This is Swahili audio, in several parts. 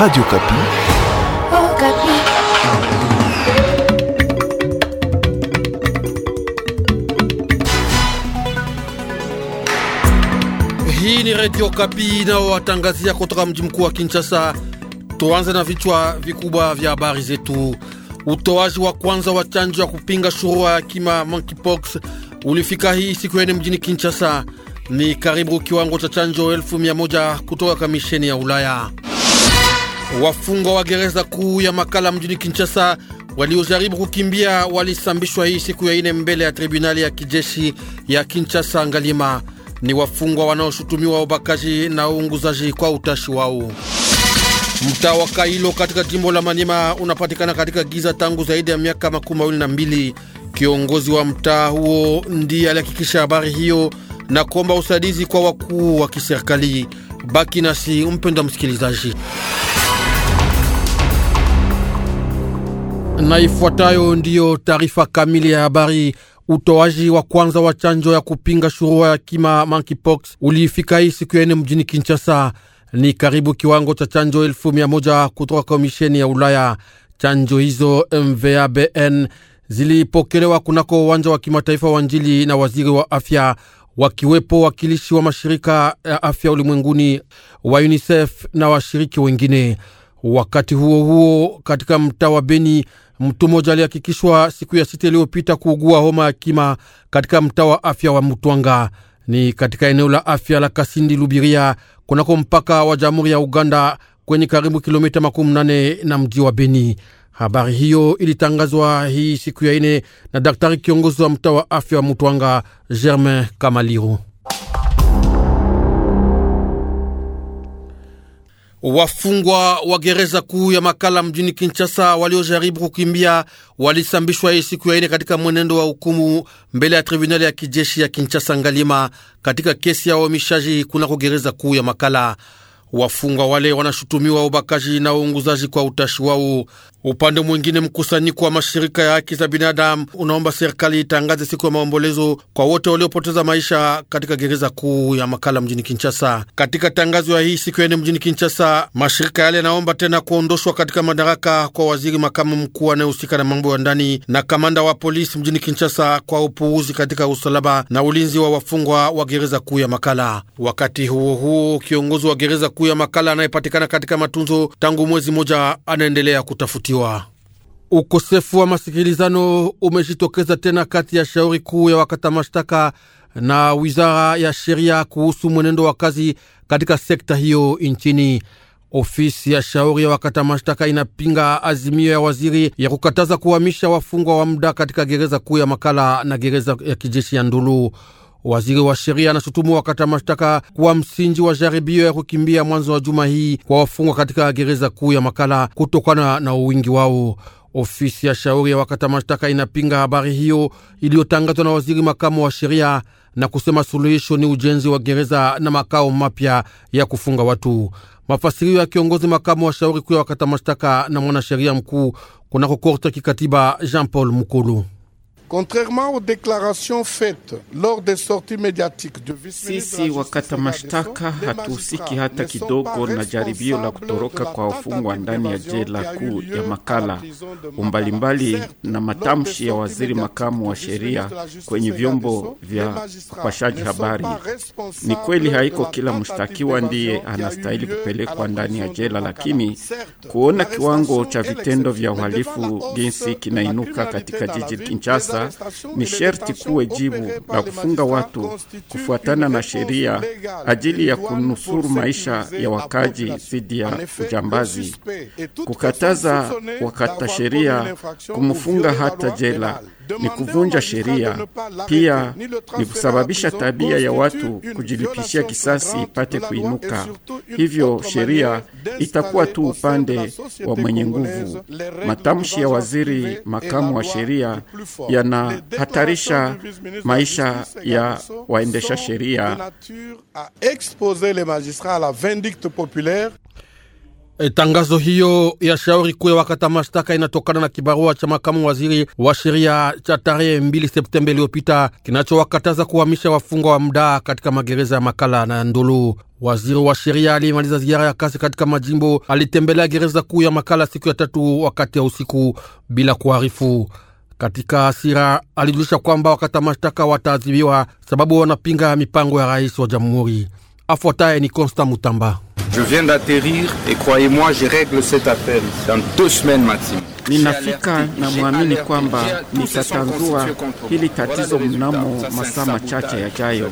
Radio Kapi. Oh, Kapi. Hii ni Radio Kapi watangazia kutoka mji mkuu wa Kinshasa. Tuanze na vichwa vikubwa vya habari zetu. Utoaji wa kwanza wa chanjo ya kupinga shurua ya kima monkeypox ulifika hii siku ene mjini Kinshasa. Ni karibu kiwango cha chanjo elfu mia moja kutoka kamisheni ya Ulaya. Wafungwa wa gereza kuu ya Makala mjini Kinshasa waliojaribu kukimbia walisambishwa hii siku ya ine mbele ya tribunali ya kijeshi ya Kinshasa Ngalima. Ni wafungwa wanaoshutumiwa ubakaji na uunguzaji kwa utashi wao. Mtaa wa Kailo katika jimbo la Manyema unapatikana katika giza tangu zaidi ya miaka makumi mawili na mbili. Kiongozi wa mtaa huo ndiye alihakikisha habari hiyo na kuomba usaidizi kwa wakuu wa kiserikali. Baki nasi mpenda msikilizaji. na ifuatayo ndiyo taarifa kamili ya habari. Utoaji wa kwanza wa chanjo ya kupinga shurua ya kima monkeypox uliifika hii siku ya ine mjini Kinshasa. Ni karibu kiwango cha chanjo elfu mia moja kutoka komisheni ya Ulaya. Chanjo hizo MVABN zilipokelewa kunako uwanja wa kimataifa wa Njili na waziri wa afya wakiwepo wakilishi wa mashirika ya afya ulimwenguni wa UNICEF na washiriki wengine. Wakati huo huo, katika mtaa wa Beni Mtu mmoja alihakikishwa siku ya sita iliyopita kuugua homa ya kima katika mtaa wa afya wa Mutwanga, ni katika eneo la afya la Kasindi Lubiria, kunako mpaka wa Jamhuri ya Uganda, kwenye karibu kilomita makumi nane na mji wa Beni. Habari hiyo ilitangazwa hii siku ya ine na daktari kiongozi wa mtaa wa afya wa Mutwanga, Germain Kamaliro. Wafungwa wa gereza kuu ya Makala mjini Kinshasa waliojaribu kukimbia walisambishwa hii siku ya ine katika mwenendo wa hukumu mbele ya tribunali ya kijeshi ya Kinshasa Ngalima katika kesi ya uhamishaji kunako gereza kuu ya Makala. Wafungwa wale wanashutumiwa ubakaji na uunguzaji kwa utashi wao. Upande mwingine, mkusanyiko wa mashirika ya haki za binadamu unaomba serikali itangaze siku ya maombolezo kwa wote waliopoteza maisha katika gereza kuu ya Makala mjini Kinshasa. Katika tangazo ya hii siku ya nne mjini Kinshasa, mashirika yale yanaomba tena kuondoshwa katika madaraka kwa waziri makamu mkuu anayehusika na mambo ya ndani na kamanda wa polisi mjini Kinshasa kwa upuuzi katika usalama na ulinzi wa wafungwa wa gereza kuu ya Makala. Wakati huo huo, kiongozi wa gereza kuu sanduku ya makala anayepatikana katika matunzo tangu mwezi mmoja anaendelea kutafutiwa. Ukosefu wa masikilizano umejitokeza tena kati ya shauri kuu ya wakata mashtaka na wizara ya sheria kuhusu mwenendo wa kazi katika sekta hiyo nchini. Ofisi ya shauri ya wakata mashtaka inapinga azimio ya waziri ya kukataza kuhamisha wafungwa wa muda katika gereza kuu ya Makala na gereza ya kijeshi ya Ndulu. Waziri wa sheria anashutumu wakata mashtaka kuwa msingi wa jaribio ya kukimbia mwanzo wa juma hii kwa wafungwa katika gereza kuu ya Makala kutokana na uwingi wao. Ofisi ya shauri ya wakata mashtaka inapinga habari hiyo iliyotangazwa na waziri makamu wa sheria na kusema suluhisho ni ujenzi wa gereza na makao mapya ya kufunga watu. Mafasirio ya kiongozi makamu wa shauri kuu ya wakata mashtaka na mwanasheria mkuu kunako korti kikatiba Jean Paul Mukulu. Contrairement aux déclarations faites lors des sorties médiatiques du sisi wakata mashtaka hatuhusiki hata kidogo na jaribio la kutoroka kwa wafungwa ndani ya jela kuu ya Makala. Umbalimbali na matamshi ya waziri makamu wa sheria kwenye vyombo vya upashaji habari, ni kweli haiko kila mshtakiwa ndiye anastahili kupelekwa ndani ya jela, lakini kuona kiwango cha vitendo vya uhalifu jinsi kinainuka katika jiji Kinshasa ni sherti kuwe jibu la kufunga watu kufuatana na sheria ajili ya kunusuru maisha ya wakaji dhidi ya ujambazi, kukataza wakata sheria kumfunga hata jela ni kuvunja sheria, pia ni kusababisha tabia ya watu kujilipishia kisasi ipate kuinuka. Hivyo sheria itakuwa tu upande wa mwenye nguvu. Matamshi ya waziri makamu wa sheria yanahatarisha maisha ya waendesha sheria. E, tangazo hiyo ya shauri kuu ya wakata mashtaka inatokana na kibarua cha makamu waziri wa sheria cha tarehe 2 Septemba iliyopita kinachowakataza kuhamisha wafungwa wa muda katika magereza ya Makala na Ndulu. Waziri wa sheria aliyemaliza ziara ya kazi katika majimbo alitembelea gereza kuu ya Makala siku ya tatu wakati ya usiku bila kuarifu Katika asira alijulisha kwamba wakata mashtaka wataadhibiwa sababu wanapinga mipango ya rais wa jamhuri. Afuataye ni Constant Mutamba. Je viens d'atterrir et croyez-moi, je règle cette affaire dans deux semaines maximum. Ninafika na mwamini kwamba nitatanzua hili tatizo mnamo masaa machache yajayo.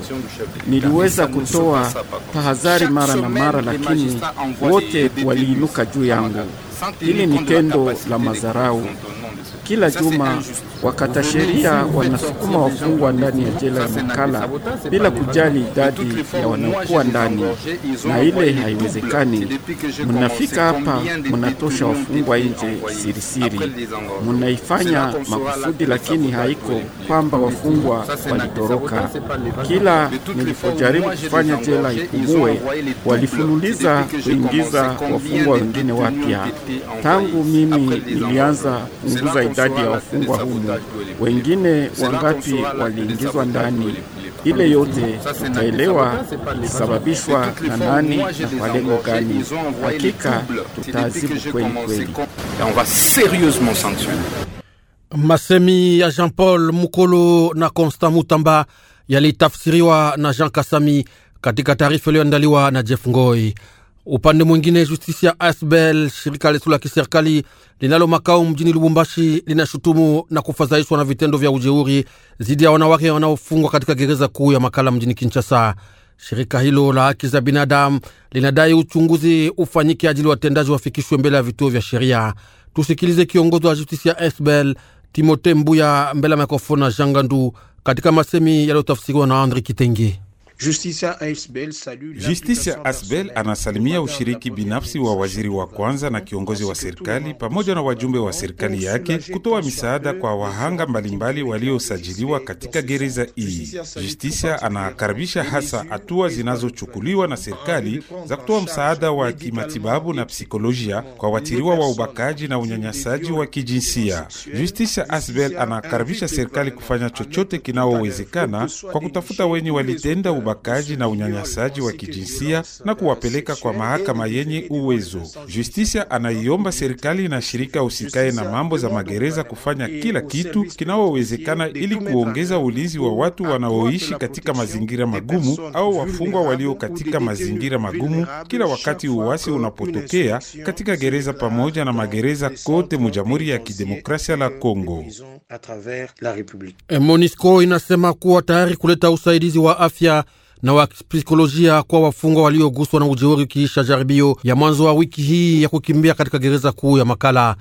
Niliweza kutoa tahadhari mara na mara, lakini wote waliinuka juu yangu. Hili ni tendo la mazarau Kila juma wakata sheria wanasukuma wafungwa ndani ya jela ya Makala bila kujali idadi ya wanaokuwa ndani, na ile haiwezekani. Munafika hapa, munatosha wafungwa nje sirisiri, munaifanya makusudi, lakini haiko kwamba wafungwa walitoroka. Kila nilipojaribu kufanya jela ipumue, walifululiza kuingiza wafungwa wengine wapya. Tangu mimi nilianza kupunguza idadi ya wafungwa humu, wengine wangapi waliingizwa ndani. Ile yote tutaelewa ilisababishwa na nani na kwa lengo gani. Hakika tutaazibu kweli kweli. Masemi ya Jean Paul Mukolo na Constant Mutamba yalitafsiriwa na Jean Kasami katika taarifa iliyoandaliwa na Jeff Ngoi. Upande mwingine, justisi ya Asbel, shirika lisu la kiserikali linalo makao mjini Lubumbashi, linashutumu na kufadhaishwa na vitendo vya ujeuri dhidi ya wanawake wanaofungwa katika gereza kuu ya Makala mjini Kinshasa. Shirika hilo la haki za binadamu linadai uchunguzi ufanyike ajili watendaji wafikishwe mbele ya vituo vya sheria. Tusikilize kiongozi wa justisi ya Asbel Timote Mbuya mbele ya mikrofoni na Jangandu katika masemi yaliyotafsiriwa na Andri Kitenge. Justicia Asbel, Justicia Asbel anasalimia ushiriki binafsi wa waziri wa kwanza na kiongozi wa serikali pamoja na wajumbe wa serikali yake kutoa misaada kwa wahanga mbalimbali waliosajiliwa katika gereza hii. Justicia anakaribisha hasa hatua zinazochukuliwa na serikali za kutoa msaada wa kimatibabu na psikolojia kwa watiriwa wa ubakaji na unyanyasaji wa kijinsia. Justicia Asbel anakaribisha serikali kufanya chochote kinaowezekana kwa kutafuta wenye walitenda ubakaji na unyanyasaji wa kijinsia na kuwapeleka kwa mahakama yenye uwezo. Justisia anaiomba serikali na shirika usikae na mambo za magereza kufanya kila kitu kinaowezekana ili kuongeza ulinzi wa watu wanaoishi katika mazingira magumu au wafungwa walio katika mazingira magumu kila wakati uwasi unapotokea katika gereza pamoja na magereza kote Jamhuri ya kidemokrasia la Kongo. Monisco inasema kuwa tayari kuleta usaidizi wa afya na wa psikolojia kwa wafungwa walioguswa na ujeuri ukiisha jaribio ya mwanzo wa wiki hii ya kukimbia katika gereza kuu ya Makala.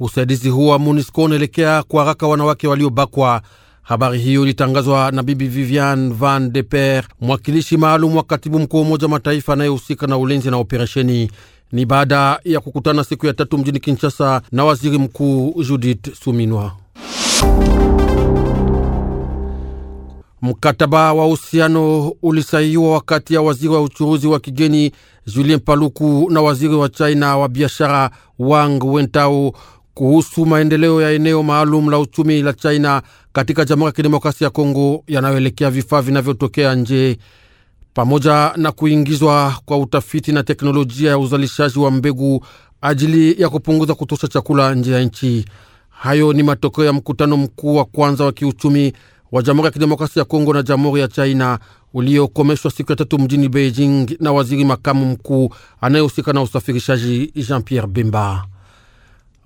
Usaidizi huo wa MONUSCO unaelekea kwa haraka wanawake waliobakwa. Habari hiyo ilitangazwa na Bibi Vivian Van de Per, mwakilishi maalum wa katibu mkuu wa Umoja Mataifa anayehusika na ulinzi na operesheni. Ni baada ya kukutana siku ya tatu mjini Kinshasa na waziri mkuu Judith Suminwa. Mkataba wa uhusiano ulisainiwa wakati ya waziri wa uchuruzi wa kigeni Julien Paluku na waziri wa China wa biashara Wang Wentao kuhusu maendeleo ya eneo maalum la uchumi la China katika Jamhuri ya Kidemokrasia ya Kongo yanayoelekea vifaa vinavyotokea nje pamoja na kuingizwa kwa utafiti na teknolojia ya uzalishaji wa mbegu ajili ya kupunguza kutosha chakula nje ya nchi. Hayo ni matokeo ya mkutano mkuu wa kwanza wa kiuchumi wa Jamhuri ya Kidemokrasia ya Kongo na Jamhuri ya China uliokomeshwa siku ya tatu mjini Beijing na waziri makamu mkuu anayehusika na usafirishaji Jean Pierre Bemba.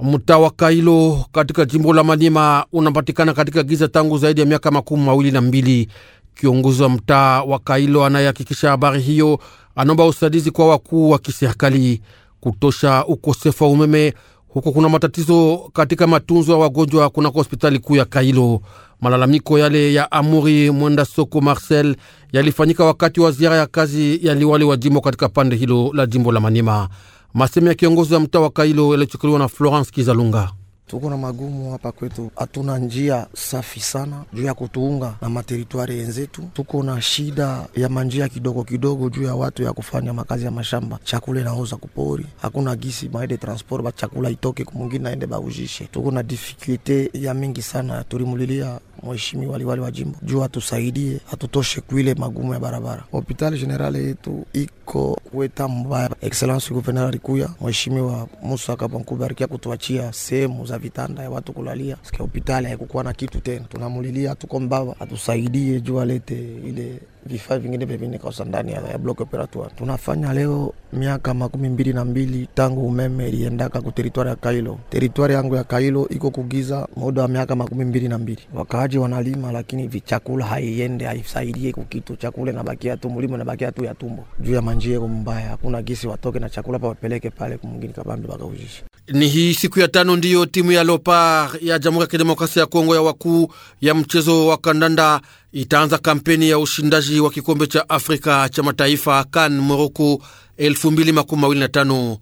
Mtaa wa Kailo katika jimbo la Maniema unapatikana katika giza tangu zaidi ya miaka makumi mawili na mbili. Kiongozi wa mtaa wa Kailo anayehakikisha habari hiyo anaomba usaidizi kwa wakuu wa kiserikali kutosha ukosefu wa umeme huko kuna matatizo katika matunzo ya wagonjwa kunako hospitali kuu ya Kailo. Malalamiko yale ya Amuri Mwenda Soko Marcel yalifanyika wakati wa ziara ya kazi ya liwali wa jimbo katika pande hilo la jimbo la Manema. Maseme ya kiongozi wa mtaa wa Kailo yalichukuliwa na Florence Kizalunga tuko na magumu hapa kwetu, hatuna njia safi sana juu ya kutuunga na materitwari yenzetu. Tuko na shida ya manjia kidogo kidogo juu ya watu ya kufanya makazi ya mashamba, chakula inaoza kupori, hakuna gisi maede transport ba chakula itoke kumwingine aende baujishe. Tuko na difikulte ya mingi sana, tulimulilia mheshimiwa waliwali wa jimbo juu atusaidie, hatutoshe kuile magumu ya barabara. Hopitali generale yetu iko weta mbaya. Excellence Guverner alikuya mheshimiwa Musa Kabankubi kutuachia sehemu za vitanda ya watu kulalia. Sikia hospitali haikukuwa na kitu tena, tunamulilia tuko mbaba atusaidie juu alete ile vifaa vingine vyavinekausa ndani ya blok operatoire. Tunafanya leo miaka makumi mbili na mbili tangu umeme iliendaka ku teritwari ya Kailo. Teritwari yangu ya Kailo iko kugiza muda wa miaka makumi mbili na mbili. Wakaaji wanalima, lakini vichakula haiende haisaidie kukitu. Chakula nabakia tu mulimo nabakia tu ya tumbo juu ya manjie mbaya, hakuna gisi watoke na chakula pa wapeleke pale kumwingine kabambi bakaujisha. Ni hii siku ya tano ndiyo timu ya Lopar ya Jamhuri ya Kidemokrasia ya Kongo ya wakuu ya mchezo wa kandanda itaanza kampeni ya ushindaji wa kikombe cha Afrika cha mataifa CAN Moroko 2025.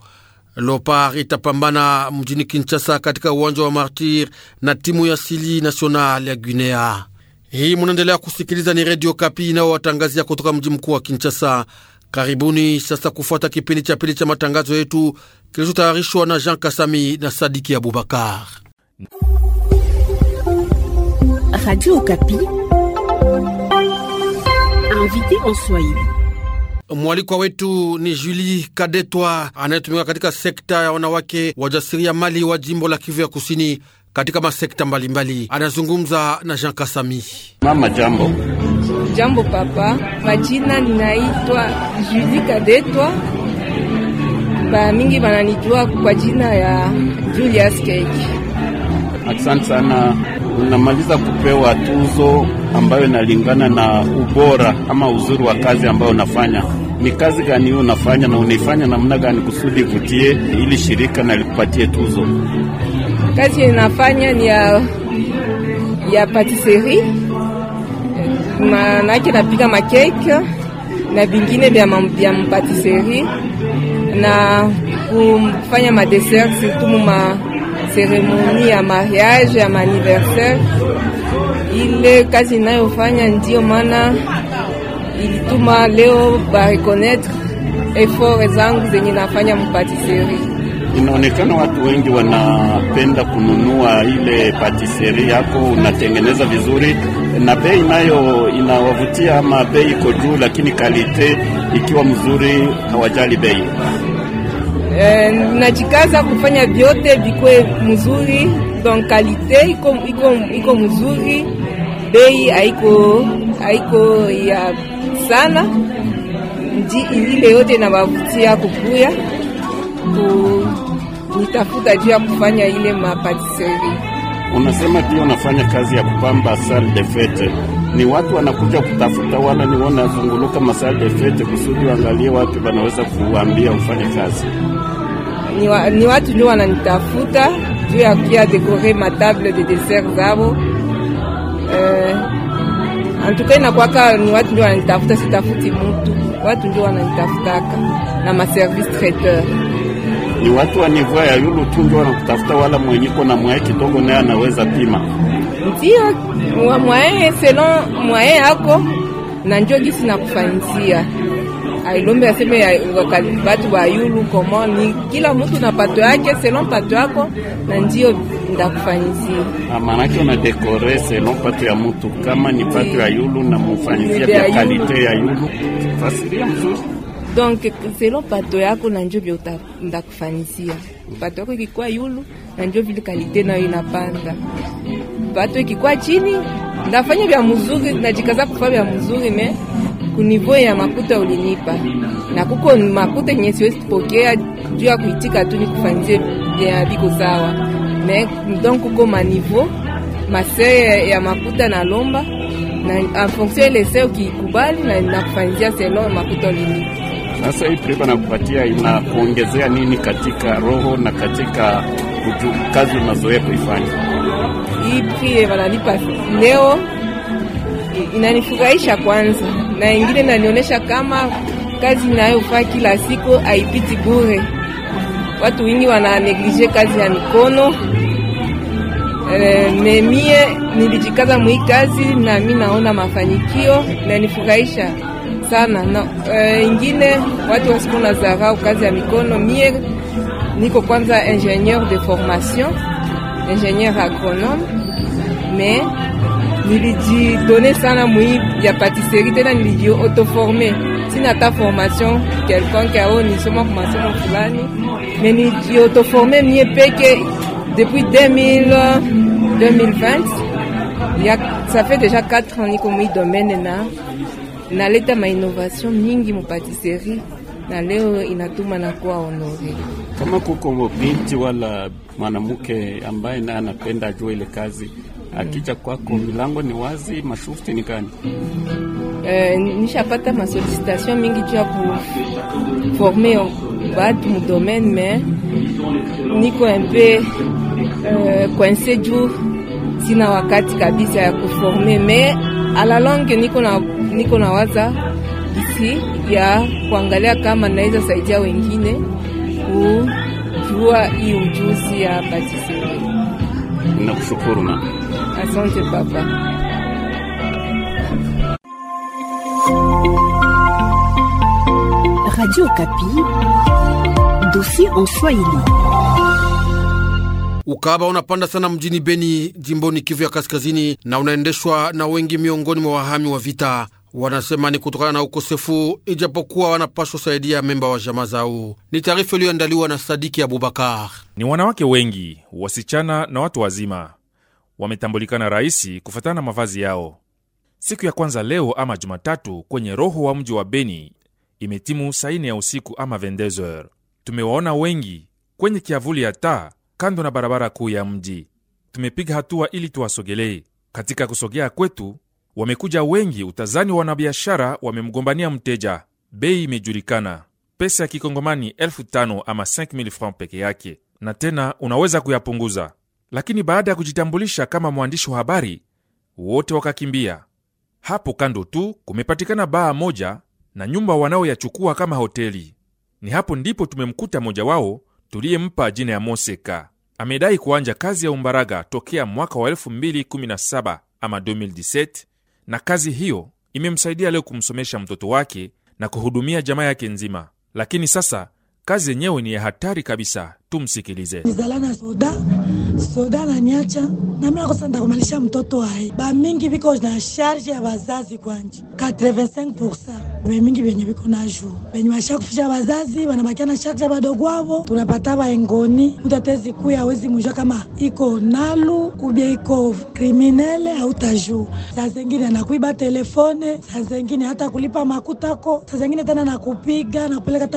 Lopar itapambana mjini Kinshasa katika uwanja wa Martir na timu ya Sili National ya Guinea. Hii munaendelea kusikiliza, ni Redio Kapi inayowatangazia kutoka mji mkuu wa Kinshasa. Karibuni sasa kufuata kipindi cha pili cha matangazo yetu kilichotayarishwa na Jean Kasami na Sadiki Abubakar, Radio Kapi invité en Swahili. Mwalikwa wetu ni Julie Kadetwa anayetumika katika sekta ya wanawake mali wa jimbo la Kivu ya Kusini katika masekta mbalimbali mbali. Anazungumza na Jean Kasami. Mama, jambo. Jambo papa, majina ninaitwa Julie Kadetwa, mingi bananijua kwa jina ya Julius Cake. Asante sana unamaliza kupewa tuzo ambayo inalingana na ubora ama uzuri wa kazi ambayo unafanya. Ni kazi gani hiyo unafanya na unaifanya namna gani kusudi ivutie ili shirika na likupatie tuzo? Kazi inafanya ni ya, ya patisserie manake napika makeke na vingine vya mpatisserie na kufanya madessert surtout seremoni ya mariage ya maaniversaire. Ile kazi inayofanya ndio maana ilituma leo barekonetre effort zangu zenye nafanya mpatiseri. Inaonekana watu wengi wanapenda kununua ile patiseri yako, unatengeneza vizuri na bei nayo inawavutia, ama bei iko juu, lakini kalite ikiwa mzuri hawajali bei. E, najikaza kufanya vyote vikwe mzuri, don kalite iko iko iko mzuri, bei haiko haiko ya sana, ile yote nawavutia kukuya kunitafuta juu ya kufanya ile mapatiseri Unasema pia unafanya kazi ya kupamba sal de fete ni watu wanakuja kutafuta, wala ni wanazunguluka de fete kusudi waangalie watu wanaweza kuambia ufanye kazi. Ni, wa, ni watu ndio wananitafuta juu ya kia dekore matable de dessert zao eh, antuka inakwaka ni watu ndio wananitafuta, sitafuti mutu, watu ndio wananitafutaka na maservice traiteur ni watu wa ya yulu tu ndio wanakutafuta, wala mwenyiko na mwae kidogo naye anaweza pima ndio mwae selon mwae yako na njo gisi na kufanisia ailombe aseme batu bayulu komo ni kila mtu na pato yake selon pato yako, na ndio ndakufanyizia. Ah, Maanake unadekore selon pato ya mtu, kama ni pato ya yulu na mufanyizia vya kalite ya yulu, fasiria mzuri. Donc selon pato yako na njo vya ndakufanyizia. Pato yako ikikuwa yulu na njo vile kalite nayo inapanda bato ikikuwa chini nafanya vya mzuri, najikaza kufanya vya mzuri me kunivo ya makuta ulinipa na kuko makuta yenye siwezi kupokea juu ya kuitika tu ni nikufanyizie ya viko sawa me donc kuko manivo masee ya makuta na lomba na en fonction ile seo ukikubali na nakufanyizia selo makuta ulinipa. Sasa hii priba nakupatia inakuongezea nini katika roho na katika kazi unazoea kuifanya? pia wananipa leo inanifurahisha kwanza, na ingine nanionyesha kama kazi inayofaa kila siku haipiti bure. Watu wengi wananeglige kazi ya mikono e, mie nilijikaza mwi kazi na mi naona mafanikio nanifurahisha sana na, e, ingine watu wasiku na kazi ya mikono mie niko kwanza ingénieur de formation, ingénieur agronome, mais nilijidone sana mwi ya patisserie tena niliji autoforme sina hata formation quelconque ao nisoma kumasomo fulani me nijiotoforme mie peke depuis 2000, 2020 ya, ça fait déjà 4 ans niko mwi domaine na naleta mainnovation mingi mu patisserie na leo inatuma na kuwa honore. Kama kuko binti wala mwanamke ambaye naye anapenda ajua ile kazi, akija kwako milango ni wazi, mashufti ni gani? E, nishapata masolicitation mingi juu ya kuforme batu mudomaine me niko mpe uh, kwense juu sina wakati kabisa ya kuforme me alalonge niko na, niko na waza disi ya kuangalia kama naweza saidia wengine kujua hii ujuzi ya patisserie. Nakushukuru na asante baba. Radio Kapi, dossier en Swahili. Ukaba unapanda sana mjini Beni, jimboni Kivu ya Kaskazini, na unaendeshwa na wengi miongoni mwa wahami wa vita wanasema ni kutokana na ukosefu, ijapokuwa wanapaswa saidia memba wa jamaa zao. Ni taarifa iliyoandaliwa na Sadiki Abubakar. Ni wanawake wengi, wasichana na watu wazima, wametambulikana raisi kufuatana na mavazi yao. Siku ya kwanza leo ama Jumatatu kwenye roho wa mji wa Beni imetimu saini ya usiku ama vendezeur. Tumewaona wengi kwenye kiavuli ya taa kando na barabara kuu ya mji. Tumepiga hatua ili tuwasogelee. Katika kusogea kwetu wamekuja wengi, utazani wa wanabiashara wamemgombania mteja, bei imejulikana, pesa ya kikongomani elfu tano ama 5000 francs peke yake, na tena unaweza kuyapunguza. Lakini baada ya kujitambulisha kama mwandishi wa habari, wote wakakimbia. Hapo kando tu kumepatikana baa moja na nyumba wanaoyachukua kama hoteli. Ni hapo ndipo tumemkuta mmoja wao tuliyempa jina ya Moseka. Amedai kuanja kazi ya umbaraga tokea mwaka wa 2017 ama 2017 na kazi hiyo imemsaidia leo kumsomesha mtoto wake na kuhudumia jamaa yake nzima. Lakini sasa kazi yenyewe ni ya hatari kabisa, Tumsikilize. soda soda ndakumalisha mtoto viko na sharge ya vazazi kwanje 85 vemingi venye viko na venye na ya wavo tunapata kuya awezi mujua kama iko nalu kubia iko kriminele autajuu saa zengine anakuiba telefone saa zengine hata kulipa makutako saa zengine tena nakupiga nakupeleka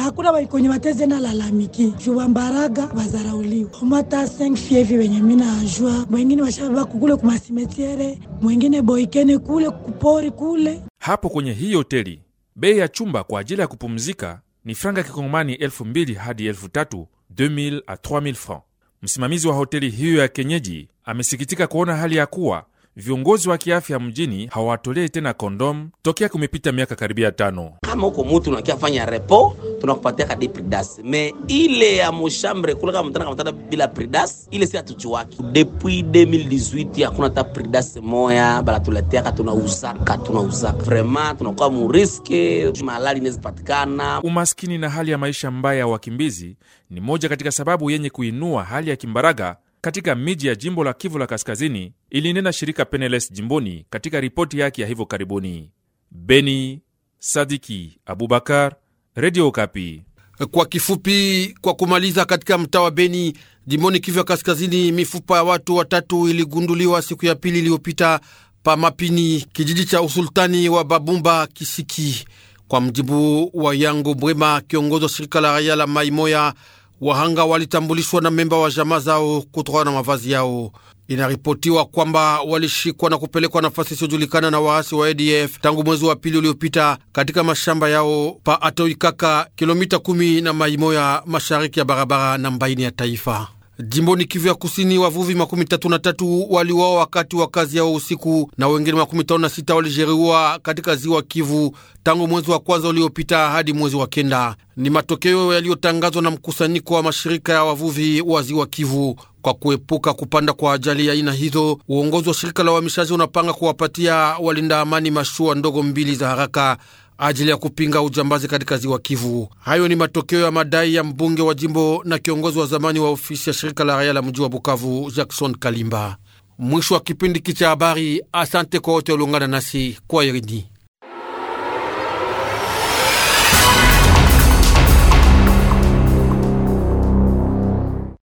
hakuna watezi hawafahamiki juu wambaraga wazarauliwa omata fievi wenye mina ajua mwengine washababa kukule kumasimetiere mwengine boikene kule kupori kule hapo kwenye hii hoteli. Bei ya chumba kwa ajili ya kupumzika ni franga kikongomani elfu mbili hadi elfu tatu 2000 a 3000 francs. Msimamizi wa hoteli hiyo ya kenyeji amesikitika kuona hali ya kuwa viongozi wa kiafya mjini hawatolee tena kondom tokea kumepita miaka karibia tano. Kama huko mutu unakia fanya repo, tunakupatia kadi pridas me ile ya moshambre kule kama mtana kama bila pridas ile si atuchuwaki depuis 2018 hakuna ta pridas moya balatuleteaka, tunauzaka tunauzaka vrema, tunakuwa muriske malali inezipatikana. Umaskini na hali ya maisha mbaya ya wakimbizi ni moja katika sababu yenye kuinua hali ya kimbaraga katika miji ya jimbo la Kivu la Kaskazini, ilinena shirika Peneles jimboni katika ripoti yake ya hivyo karibuni. Beni, Sadiki Abubakar, Redio Kapi. Kwa kifupi, kwa kumaliza, katika mtaa wa Beni jimboni Kivu ya Kaskazini, mifupa ya watu watatu iligunduliwa siku ya pili iliyopita pa Mapini, kijiji cha usultani wa Babumba Kisiki, kwa mjibu wa Yango Bwema, kiongozi wa shirika la raia la Maimoya. Wahanga walitambulishwa na memba wa jamaa zao kutokana na mavazi yao. Inaripotiwa kwamba walishikwa na kupelekwa nafasi isiyojulikana na waasi wa ADF tangu mwezi wa pili uliopita katika mashamba yao pa Atoikaka, kilomita kumi na Maimoya, mashariki ya barabara na mbaini ya taifa. Jimboni Kivu ya Kusini, wavuvi makumi tatu na tatu waliwao wakati wa kazi yao usiku na wengine makumi tano na sita walijeruhiwa katika ziwa Kivu tangu mwezi wa kwanza uliopita hadi mwezi wa kenda. Ni matokeo yaliyotangazwa na mkusanyiko wa mashirika ya wavuvi wa ziwa Kivu. Kwa kuepuka kupanda kwa ajali ya aina hizo, uongozi wa shirika la uhamishaji unapanga kuwapatia walinda amani mashua ndogo mbili za haraka ajili ya kupinga ujambazi katika ziwa Kivu. Hayo ni matokeo ya madai ya mbunge wa jimbo na kiongozi wa zamani wa ofisi ya shirika la raia la mji wa Bukavu, Jackson Kalimba. Mwisho wa kipindi hiki cha habari. Asante kwa wote waliungana nasi kwa Irini.